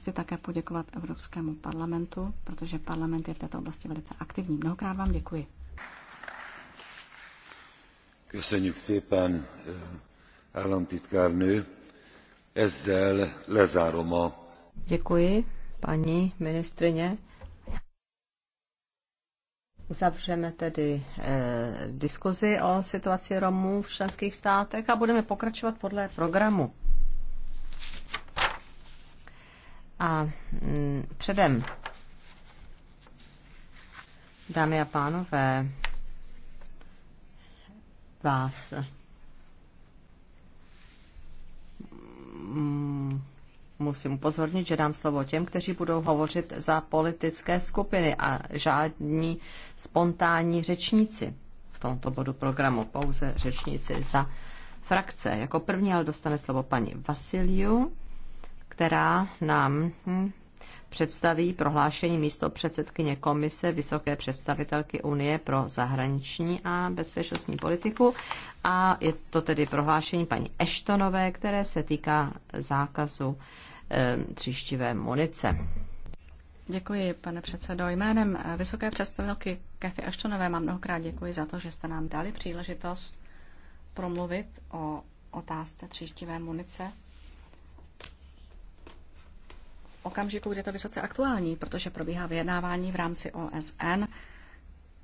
chci také poděkovat Evropskému parlamentu, protože parlament je v této oblasti velice aktivní. Mnohokrát vám děkuji. Köszönjük szépen, eh, államtitkárnő. Ezzel lezárom a... Děkuji, paní ministrině. Uzavřeme tedy eh, diskuzi o situaci Romů v členských státech a budeme pokračovat podle programu. A mm, předem, dámy a pánové, vás mm, musím upozornit, že dám slovo těm, kteří budou hovořit za politické skupiny a žádní spontánní řečníci v tomto bodu programu, pouze řečníci za frakce. Jako první ale dostane slovo paní Vasiliu která nám hm, představí prohlášení místo předsedkyně Komise Vysoké představitelky Unie pro zahraniční a bezpečnostní politiku. A je to tedy prohlášení paní Eštonové, které se týká zákazu e, hm, třištivé munice. Děkuji, pane předsedo. Jménem eh, Vysoké představitelky Kathy Eštonové mám mnohokrát děkuji za to, že jste nám dali příležitost promluvit o otázce tříštivé munice okamžiku, kdy je to vysoce aktuální, protože probíhá vyjednávání v rámci OSN,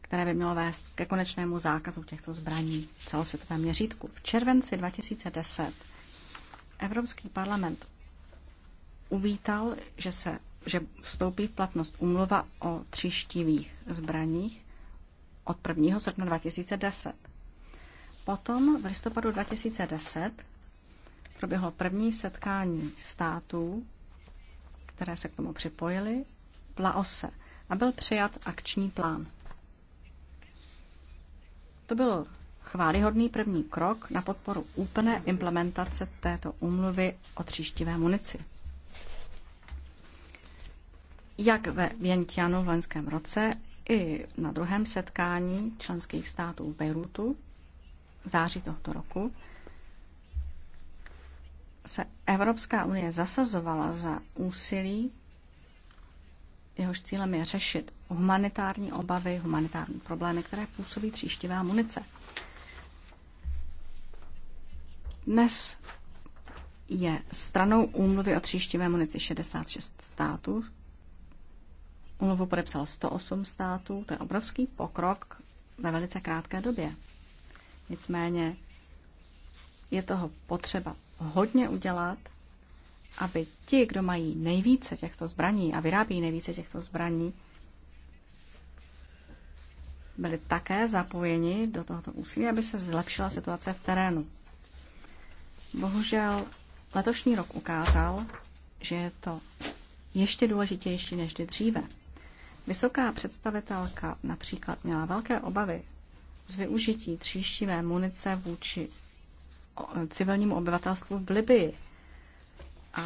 které by mělo vést ke konečnému zákazu těchto zbraní v celosvětovém měřítku. V červenci 2010 Evropský parlament uvítal, že, se, že vstoupí v platnost umluva o třištivých zbraních od 1. srpna 2010. Potom v listopadu 2010 proběhlo první setkání států které se k tomu připojily, v Laose a byl přijat akční plán. To byl chválihodný první krok na podporu úplné implementace této úmluvy o tříštivé munici. Jak ve Vientianu v loňském roce, i na druhém setkání členských států v Beirutu v září tohoto roku se Evropská unie zasazovala za úsilí, jehož cílem je řešit humanitární obavy, humanitární problémy, které působí tříštivá munice. Dnes je stranou úmluvy o tříštivé munici 66 států. Úmluvu podepsalo 108 států, to je obrovský pokrok ve velice krátké době. Nicméně je toho potřeba hodně udělat, aby ti, kdo mají nejvíce těchto zbraní a vyrábí nejvíce těchto zbraní, byli také zapojeni do tohoto úsilí, aby se zlepšila situace v terénu. Bohužel letošní rok ukázal, že je to ještě důležitější než kdy dříve. Vysoká představitelka například měla velké obavy z využití tříštivé munice vůči civilnímu obyvatelstvu v Libii a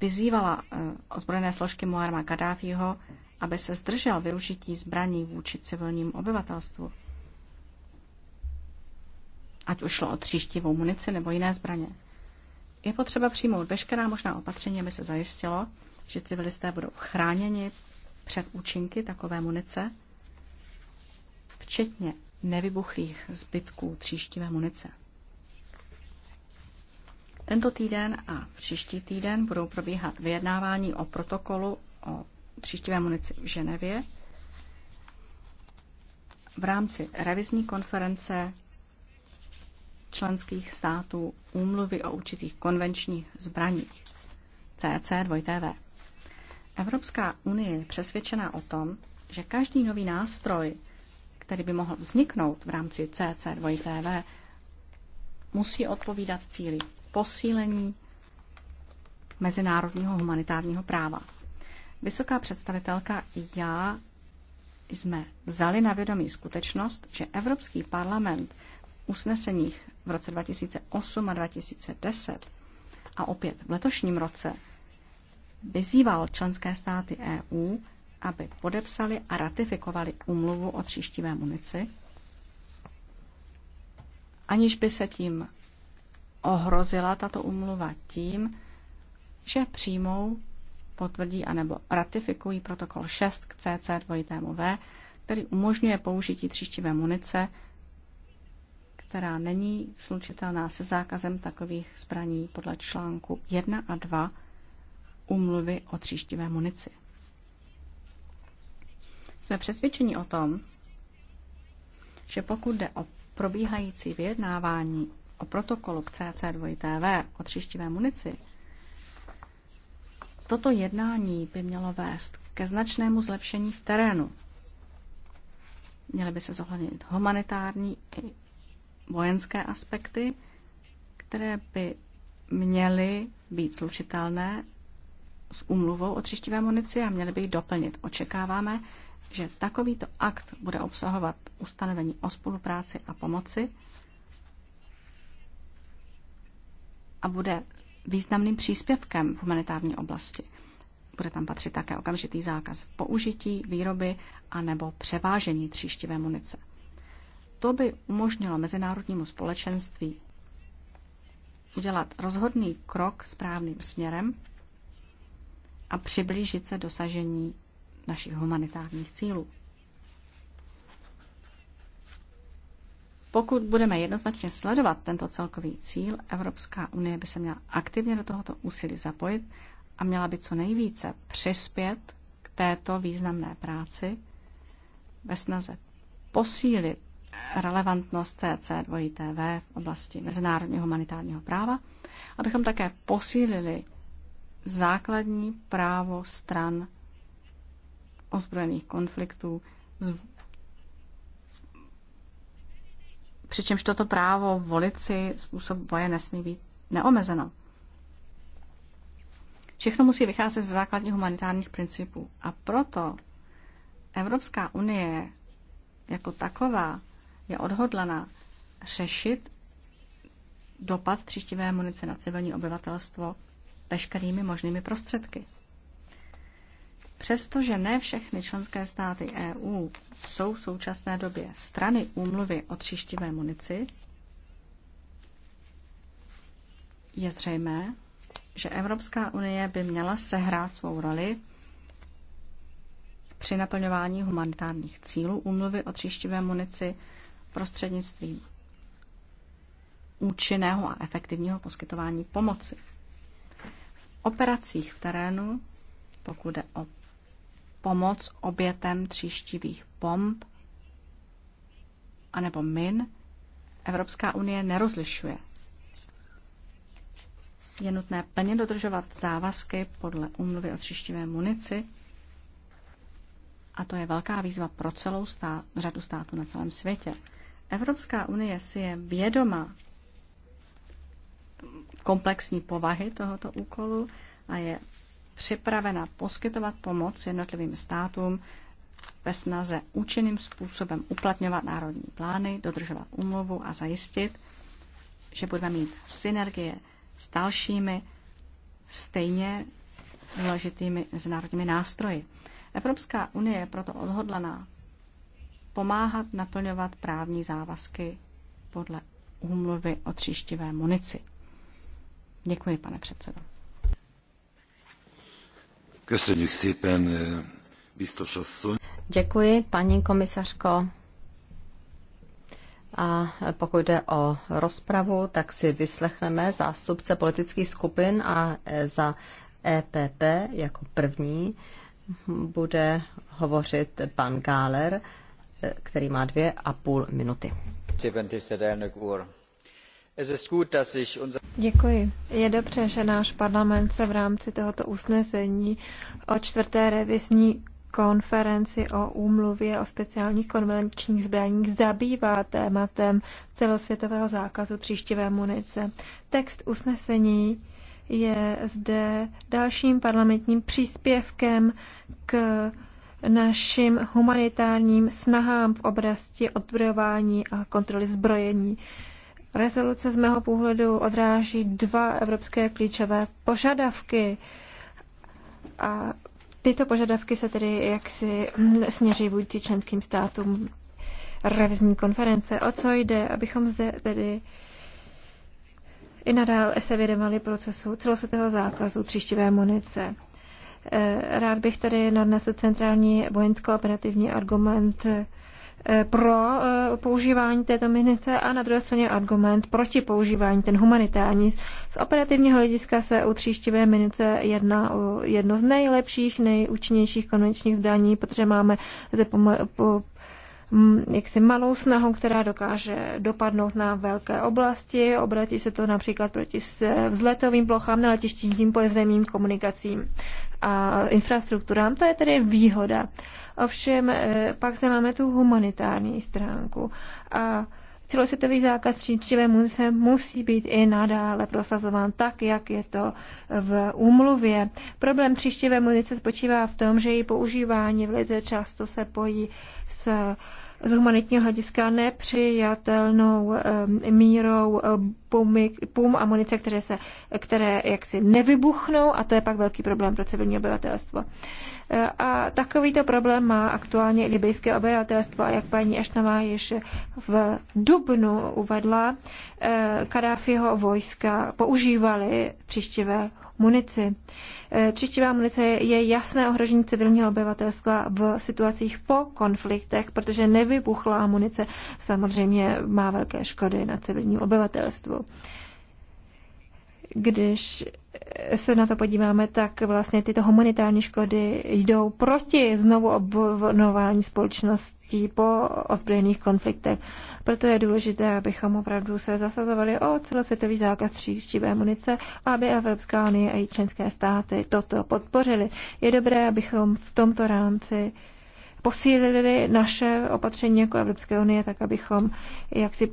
vyzývala eh, ozbrojené složky Muarma Gaddafiho, aby se zdržel využití zbraní vůči civilnímu obyvatelstvu. Ať už šlo o tříštivou munici nebo jiné zbraně. Je potřeba přijmout veškerá možná opatření, aby se zajistilo, že civilisté budou chráněni před účinky takové munice, včetně nevybuchlých zbytků tříštivé munice. Tento týden a příští týden budou probíhat vyjednávání o protokolu o tříštivé munici v Ženevě v rámci revizní konference členských států úmluvy o určitých konvenčních zbraních CC2TV. Evropská unie je přesvědčena o tom, že každý nový nástroj, který by mohl vzniknout v rámci CC2TV, musí odpovídat cíli posílení mezinárodního humanitárního práva. Vysoká představitelka i já jsme vzali na vědomí skutečnost, že Evropský parlament v usneseních v roce 2008 a 2010 a opět v letošním roce vyzýval členské státy EU, aby podepsali a ratifikovali umluvu o tříštivé munici, aniž by se tím ohrozila tato umluva tím, že přijmou, potvrdí anebo ratifikují protokol 6 k CC2V, který umožňuje použití tříštivé munice, která není slučitelná se zákazem takových zbraní podle článku 1 a 2 umluvy o tříštivé munici. Jsme přesvědčeni o tom, že pokud jde o probíhající vyjednávání o protokolu k CC2TV o tříštivé munici, toto jednání by mělo vést ke značnému zlepšení v terénu. Měly by se zohlednit humanitární i vojenské aspekty, které by měly být slučitelné s úmluvou o třištivé munici a měly by ji doplnit. Očekáváme, že takovýto akt bude obsahovat ustanovení o spolupráci a pomoci a bude významným příspěvkem v humanitární oblasti. Bude tam patřit také okamžitý zákaz použití, výroby a nebo převážení tříštivé munice. To by umožnilo mezinárodnímu společenství udělat rozhodný krok správným směrem a přiblížit se dosažení našich humanitárních cílů. Pokud budeme jednoznačně sledovat tento celkový cíl, Evropská unie by se měla aktivně do tohoto úsilí zapojit a měla by co nejvíce přispět k této významné práci ve snaze posílit relevantnost CC2TV v oblasti mezinárodního humanitárního práva, abychom také posílili základní právo stran ozbrojených konfliktů. Přičemž toto právo volit si způsob boje nesmí být neomezeno. Všechno musí vycházet ze základních humanitárních principů. A proto Evropská unie jako taková je odhodlana řešit dopad tříštivé munice na civilní obyvatelstvo veškerými možnými prostředky. Přestože ne všechny členské státy EU jsou v současné době strany úmluvy o tříštivé munici, je zřejmé, že Evropská unie by měla sehrát svou roli při naplňování humanitárních cílů úmluvy o tříštivé munici prostřednictvím účinného a efektivního poskytování pomoci. V operacích v terénu, pokud jde o pomoc obětem tříštivých bomb anebo min Evropská unie nerozlišuje. Je nutné plně dodržovat závazky podle úmluvy o tříštivé munici a to je velká výzva pro celou stát, řadu států na celém světě. Evropská unie si je vědoma komplexní povahy tohoto úkolu a je připravena poskytovat pomoc jednotlivým státům ve snaze účinným způsobem uplatňovat národní plány, dodržovat úmluvu a zajistit, že budeme mít synergie s dalšími stejně důležitými mezinárodními nástroji. Evropská unie je proto odhodlaná pomáhat naplňovat právní závazky podle úmluvy o tříštivé munici. Děkuji, pane předsedo. Köszönjük szépen, eh, biztos asszony. Děkuji, paní komisařko. A pokud jde o rozpravu, tak si vyslechneme zástupce politických skupin a eh, za EPP jako první bude hovořit pan Gáler, eh, který má dvě a půl minuty. Děkuji. Je dobře, že náš parlament se v rámci tohoto usnesení o čtvrté revizní konferenci o úmluvě o speciálních konvenčních zbraních zabývá tématem celosvětového zákazu tříštivé munice. Text usnesení je zde dalším parlamentním příspěvkem k našim humanitárním snahám v oblasti odbrojování a kontroly zbrojení. Rezoluce z mého pohledu odráží dva evropské klíčové požadavky. A tyto požadavky se tedy jaksi směří vůči členským státům revizní konference. O co jde, abychom zde tedy i nadále se vědomali procesu celosvětého zákazu tříštivé munice. Eh, rád bych tady nadnesl centrální vojensko-operativní argument Eh, pro eh, používání této minice a na druhé straně argument proti používání, ten humanitární. Z operativního hlediska se u tříštivé minice jedná o jedno z nejlepších, nejúčinnějších konvenčních zbraní, protože máme ze po, jaksi malou snahu, která dokáže dopadnout na velké oblasti. Obratí se to například proti vzletovým plochám na letištím, komunikacím a infrastrukturám. To je tedy výhoda. Ovšem eh, pak zde máme tu humanitární stránku a celosvětový zákaz příčivému se musí být i nadále prosazován tak, jak je to v úmluvě. Problém příštivé munice spočívá v tom, že její používání velice často se pojí s z humanitního hlediska nepřijatelnou mírou bomby, pum a munice, které, se, které jaksi nevybuchnou a to je pak velký problém pro civilní obyvatelstvo. E, a takovýto problém má aktuálně libyjské obyvatelstvo a jak paní Ešnová již v Dubnu uvedla, e, Kadáfiho vojska používali příštivé munici. Tříštivá eh, munice je jasné ohrožení civilního obyvatelstva v situacích po konfliktech, protože nevybuchlá munice samozřejmě má velké škody na civilním obyvatelstvu když se na to podíváme, tak vlastně tyto humanitární škody jdou proti znovu obnovování společností po ozbrojených konfliktech. Proto je důležité, abychom opravdu se zasazovali o celosvětový zákaz tříštivé munice, aby Evropská unie a její členské státy toto podpořili. Je dobré, abychom v tomto rámci posílili naše opatření jako Evropské unie, tak abychom jaksi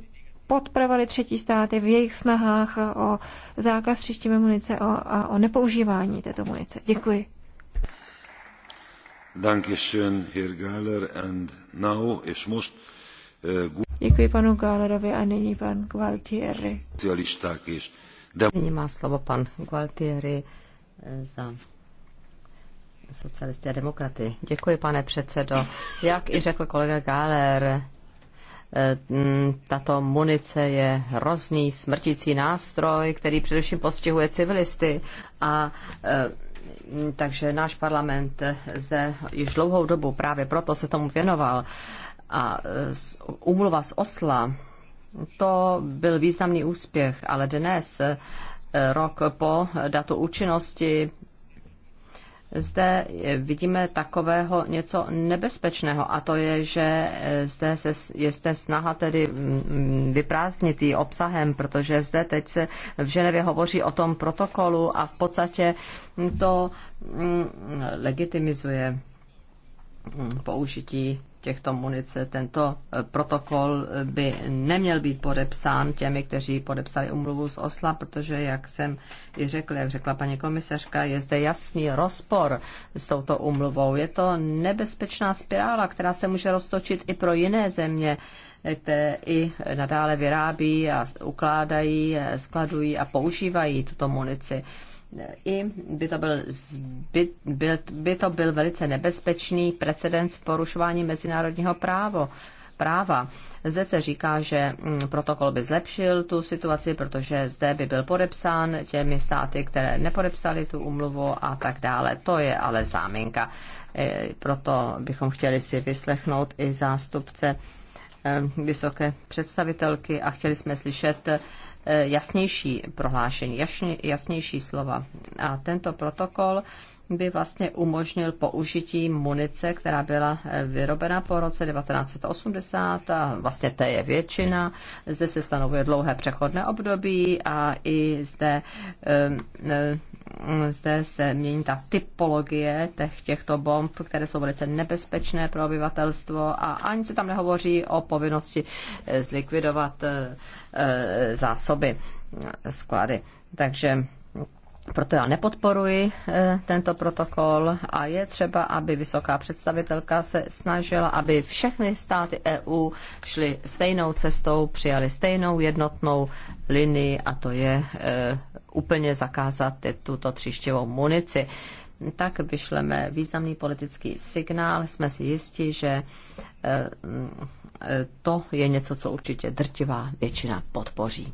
podporovali třetí státy v jejich snahách o zákaz příštími munice a o nepoužívání této munice. Děkuji. Äh, Děkuji panu Gálerovi a nyní pan Gualtieri. Nyní má slovo pan Gualtieri äh, za socialisty a demokraty. Děkuji, pane předsedo. Jak i řekl kolega Gáler, Eh, mm, tato munice je hrozný smrtící nástroj, který především postihuje civilisty a eh, takže náš parlament zde již dlouhou dobu právě proto se tomu věnoval. A umluva eh, z Osla, to byl významný úspěch, ale dnes, rok po datu účinnosti, zde vidíme takového něco nebezpečného a to je, že zde se, je zde snaha tedy mm, mm, vyprázdnit jí obsahem, protože zde teď se v Ženevě hovoří o tom protokolu a v podstatě to mm, legitimizuje použití těchto munice. Tento eh, protokol eh, by neměl být podepsán těmi, kteří podepsali umluvu z Osla, protože, jak jsem i řekl, jak řekla paní komisařka, je zde jasný rozpor s touto umluvou. Je to nebezpečná spirála, která se může roztočit i pro jiné země, eh, které i nadále vyrábí a ukládají, skladují a používají tuto munici i by to byl, by, by, by to byl velice nebezpečný precedens porušování mezinárodního právo, práva. Zde se říká, že mm, protokol by zlepšil tu situaci, protože zde by byl podepsán těmi státy, které nepodepsali tu umluvu a tak dále. To je ale záminka. E, proto bychom chtěli si vyslechnout i zástupce e, vysoké představitelky a chtěli jsme slyšet Eh, jasnější prohlášení, jasnější slova. A tento protokol by vlastně umožnil použití munice, která byla eh, vyrobena po roce 1980 a vlastně té je většina. Zde se stanovuje dlouhé přechodné období a i zde, zde se mění ta typologie těch, těchto bomb, které jsou velice nebezpečné pro obyvatelstvo a ani se tam nehovoří o povinnosti eh, zlikvidovat eh, zásoby, sklady. Takže proto já nepodporuji eh, tento protokol a je třeba, aby vysoká představitelka se snažila, aby všechny státy EU šly stejnou cestou, přijali stejnou jednotnou linii a to je eh, úplně zakázat tuto tříštivou munici. Tak vyšleme významný politický signál. Jsme si jisti, že eh, mm, to je něco, co určitě drtivá většina podpoří.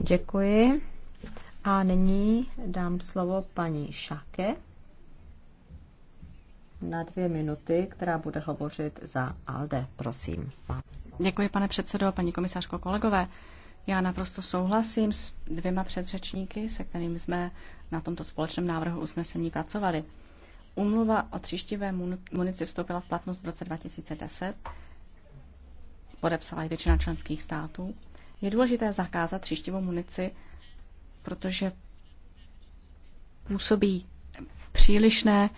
Děkuji. A nyní dám slovo paní Šake na dvě minuty, která bude hovořit za ALDE. Prosím. Děkuji, pane předsedo, paní komisářko, kolegové. Já naprosto souhlasím s dvěma předřečníky, se kterými jsme na tomto společném návrhu usnesení pracovali. Umluva o tříštivé munici vstoupila v platnost v roce 2010 podepsala i většina členských států, je důležité zakázat třištivou munici, protože působí přílišné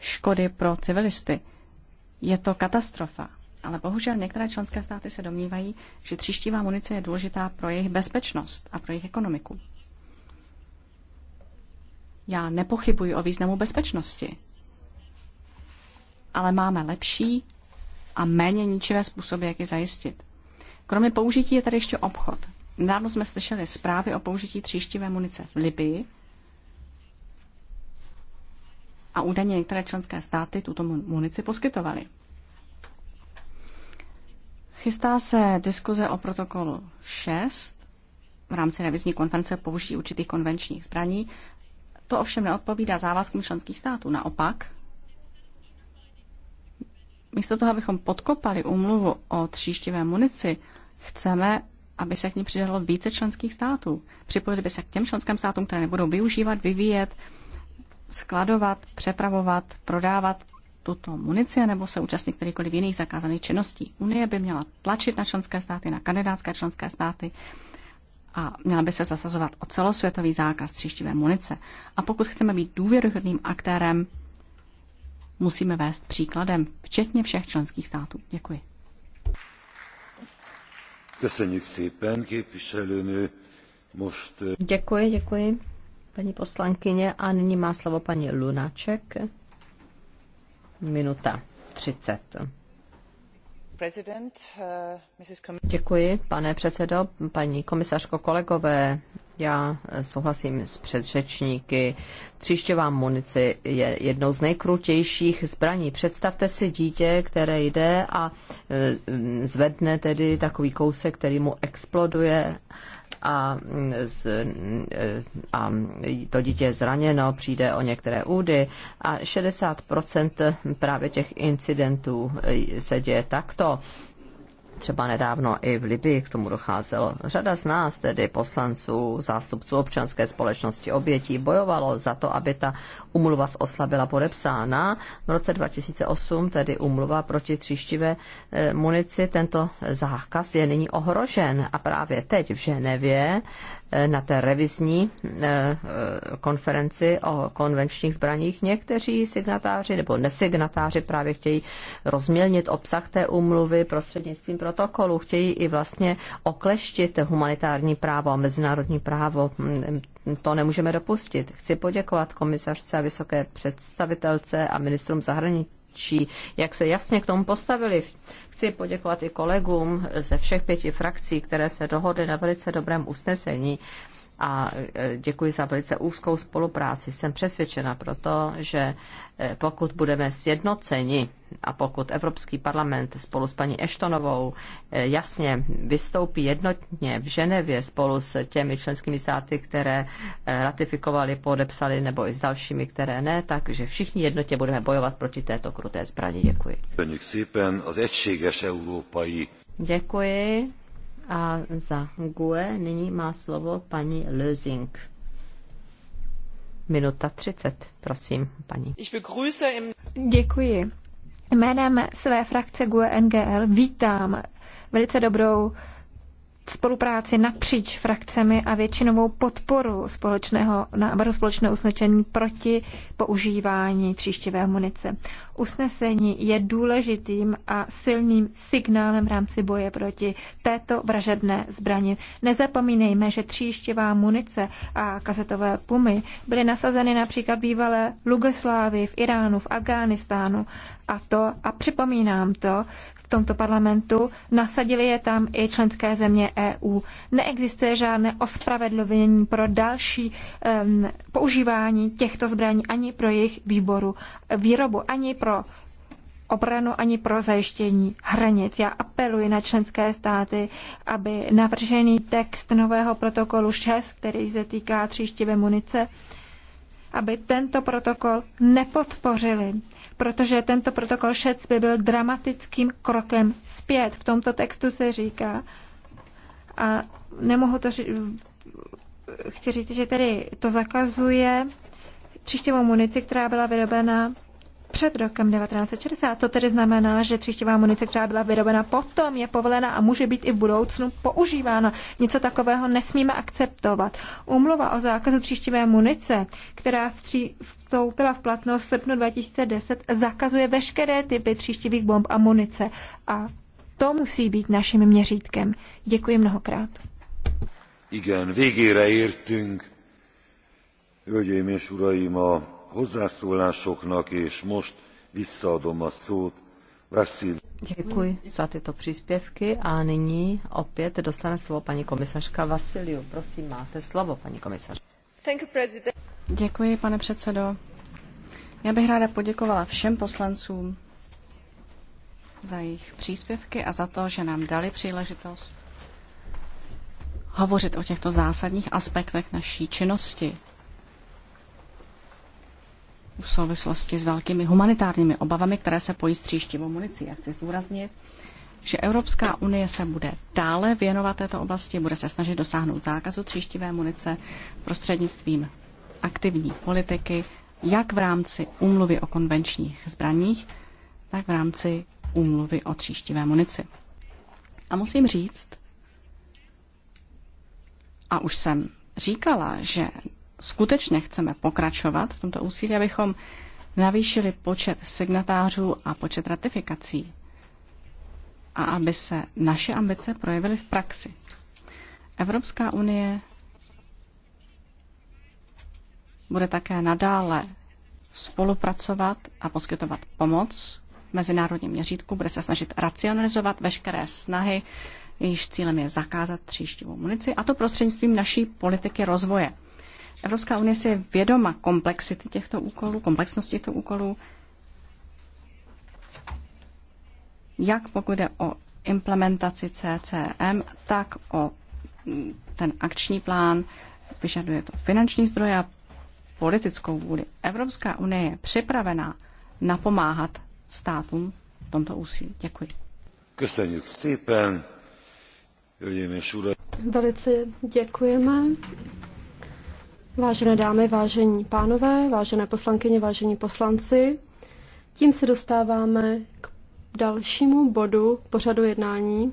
škody pro civilisty. Je to katastrofa. Ale bohužel některé členské státy se domnívají, že tříštivá munice je důležitá pro jejich bezpečnost a pro jejich ekonomiku. Já nepochybuji o významu bezpečnosti, ale máme lepší a méně ničivé způsoby, jak je zajistit. Kromě použití je tady ještě obchod. Nedávno jsme slyšeli zprávy o použití tříštivé munice v Libii a údajně některé členské státy tuto munici poskytovaly. Chystá se diskuze o protokolu 6 v rámci revizní konference použití určitých konvenčních zbraní. To ovšem neodpovídá závazkům členských států. Naopak, místo toho, abychom podkopali umluvu o tříštivé munici, chceme, aby se k ní přidalo více členských států. Připojili by se k těm členským státům, které nebudou využívat, vyvíjet, skladovat, přepravovat, prodávat tuto munici nebo se účastnit kterýkoliv jiných zakázaných činností. Unie by měla tlačit na členské státy, na kandidátské členské státy a měla by se zasazovat o celosvětový zákaz tříštivé munice. A pokud chceme být důvěryhodným aktérem musíme vést příkladem, včetně všech členských států. Děkuji. Děkuji, děkuji, paní poslankyně. A nyní má slovo paní Lunaček. Minuta 30. Uh, děkuji, pane předsedo, paní komisařko, kolegové, já eh, souhlasím s předřečníky. Třišťová munici je jednou z nejkrutějších zbraní. Představte si dítě, které jde a eh, zvedne tedy takový kousek, který mu exploduje a, mm, z, eh, a to dítě je zraněno, přijde o některé údy a 60% právě těch incidentů se děje takto třeba nedávno i v Libii k tomu docházelo. Řada z nás, tedy poslanců, zástupců občanské společnosti, obětí, bojovalo za to, aby ta umluva z Osla byla podepsána v roce 2008, tedy umluva proti tříštivé eh, munici. Tento zákaz je nyní ohrožen a právě teď v Ženevě eh, na té revizní eh, konferenci o konvenčních zbraních někteří signatáři nebo nesignatáři právě chtějí rozmělnit obsah té umluvy prostřednictvím protokolu, chtějí i vlastně okleštit humanitární právo a mezinárodní právo hm, to nemůžeme dopustit. Chci poděkovat komisařce a vysoké představitelce a ministrům zahraničí, jak se jasně k tomu postavili. Chci poděkovat i kolegům ze všech pěti frakcí, které se dohodly na velice dobrém usnesení a e, děkuji za velice úzkou spolupráci. Jsem přesvědčena proto, že e, pokud budeme sjednoceni a pokud Evropský parlament spolu s paní Eštonovou e, jasně vystoupí jednotně v Ženevě spolu s těmi členskými státy, které ratifikovali, podepsali nebo i s dalšími, které ne, takže všichni jednotně budeme bojovat proti této kruté zbraně. Děkuji. Děkuji. A za GUE nyní má slovo paní Lösing. Minuta 30, prosím, paní. Děkuji. Jménem své frakce GUE NGL vítám velice dobrou spolupráci napříč frakcemi a většinovou podporu společného návrhu společného usnesení proti používání tříštivé munice. Usnesení je důležitým a silným signálem v rámci boje proti této vražedné zbrani. Nezapomínejme, že tříštivá munice a kazetové pumy byly nasazeny například bývalé Lugoslávy, v Iránu, v Afghánistánu a to, a připomínám to, v tomto parlamentu, nasadili je tam i členské země EU. Neexistuje žádné ospravedlnění pro další um, používání těchto zbraní ani pro jejich výboru, výrobu, ani pro obranu ani pro zajištění hranic. Já apeluji na členské státy, aby navržený text nového protokolu 6, který se týká tříštivé munice, aby tento protokol nepodpořili, protože tento protokol šec by byl dramatickým krokem zpět. V tomto textu se říká, a nemohu to říct, chci říct, že tedy to zakazuje tříštěvou munici, která byla vyrobena před rokem 1960. To tedy znamená, že třištěvá munice, která byla vyrobena potom, je povolena a může být i v budoucnu používána. Něco takového nesmíme akceptovat. Umluva o zákazu třištěvé munice, která vstoupila v platnost v srpnu 2010, zakazuje veškeré typy tříštivých bomb a munice. A to musí být naším měřítkem. Děkuji mnohokrát. Igen, végére értünk. Hölgyeim és uraim, a Děkuji za tyto příspěvky a nyní opět dostane slovo paní komisařka Vasiliu. Prosím, máte slovo, paní komisař. Děkuji, pane předsedo. Já bych ráda poděkovala všem poslancům za jejich příspěvky a za to, že nám dali příležitost hovořit o těchto zásadních aspektech naší činnosti v souvislosti s velkými humanitárními obavami, které se pojí s tříštivou municí. Já chci zdůraznit, že Evropská unie se bude dále věnovat této oblasti, bude se snažit dosáhnout zákazu tříštivé munice prostřednictvím aktivní politiky, jak v rámci úmluvy o konvenčních zbraních, tak v rámci úmluvy o tříštivé munici. A musím říct, a už jsem říkala, že skutečně chceme pokračovat v tomto úsilí, abychom navýšili počet signatářů a počet ratifikací a aby se naše ambice projevily v praxi. Evropská unie bude také nadále spolupracovat a poskytovat pomoc v mezinárodním měřítku, bude se snažit racionalizovat veškeré snahy, jejíž cílem je zakázat tříštivou munici, a to prostřednictvím naší politiky rozvoje. Evropská unie si je vědoma komplexity těchto úkolů, komplexnosti těchto úkolů, jak pokud jde o implementaci CCM, tak o mm, ten akční plán, vyžaduje to finanční zdroje a politickou vůli. Evropská unie je připravená napomáhat státům v tomto úsilí. Děkuji. Köszönjük szépen, hölgyeim és uraim. Velice děkujeme, Vážené dámy, vážení pánové, vážené poslankyně, vážení poslanci, tím se dostáváme k dalšímu bodu pořadu jednání.